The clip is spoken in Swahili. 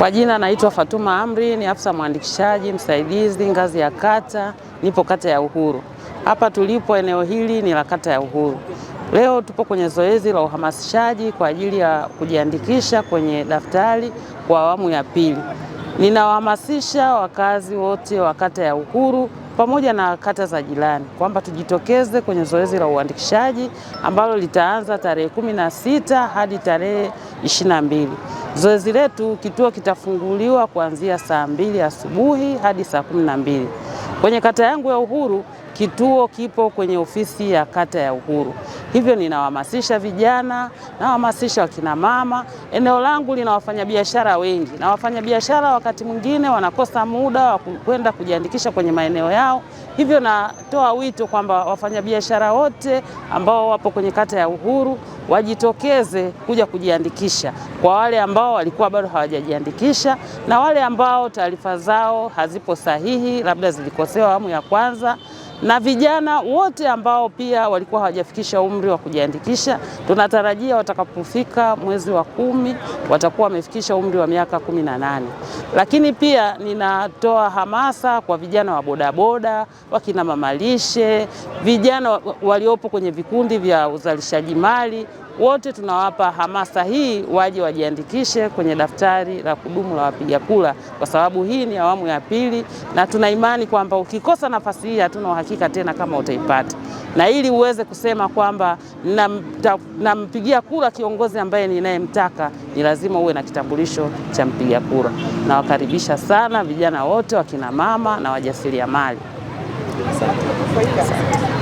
Kwa jina naitwa Fatuma Amri, ni afisa mwandikishaji msaidizi ngazi ya kata, nipo kata ya Uhuru. Hapa tulipo eneo hili ni la kata ya Uhuru. Leo tupo kwenye zoezi la uhamasishaji kwa ajili ya kujiandikisha kwenye daftari kwa awamu ya pili. Ninawahamasisha wakazi wote wa kata ya Uhuru pamoja na kata za jirani kwamba tujitokeze kwenye zoezi la uandikishaji ambalo litaanza tarehe kumi na sita hadi tarehe ishirini na mbili. Zoezi letu kituo kitafunguliwa kuanzia saa mbili asubuhi hadi saa kumi na mbili. Kwenye kata yangu ya Uhuru kituo kipo kwenye ofisi ya kata ya Uhuru. Hivyo ninawahamasisha vijana, nawahamasisha wakina mama. Eneo langu lina wafanyabiashara wengi, na wafanyabiashara wakati mwingine wanakosa muda wa kwenda kujiandikisha kwenye maeneo yao. Hivyo natoa wito kwamba wafanyabiashara wote ambao wapo kwenye kata ya Uhuru wajitokeze kuja kujiandikisha, kwa wale ambao walikuwa bado hawajajiandikisha na wale ambao taarifa zao hazipo sahihi, labda zilikosewa awamu ya kwanza na vijana wote ambao pia walikuwa hawajafikisha umri wa kujiandikisha. Tunatarajia watakapofika mwezi wa kumi watakuwa wamefikisha umri wa miaka kumi na nane. Lakini pia ninatoa hamasa kwa vijana wa bodaboda, wakina mamalishe, vijana waliopo kwenye vikundi vya uzalishaji mali wote tunawapa hamasa hii waje wajiandikishe kwenye daftari la kudumu la wapiga kura, kwa sababu hii ni awamu ya pili, na tuna imani kwamba ukikosa nafasi hii hatuna uhakika tena kama utaipata. Na ili uweze kusema kwamba nampigia na kura kiongozi ambaye ninayemtaka, ni lazima uwe na kitambulisho cha mpiga kura. Nawakaribisha sana vijana wote, wakina mama na wajasiriamali. Asante.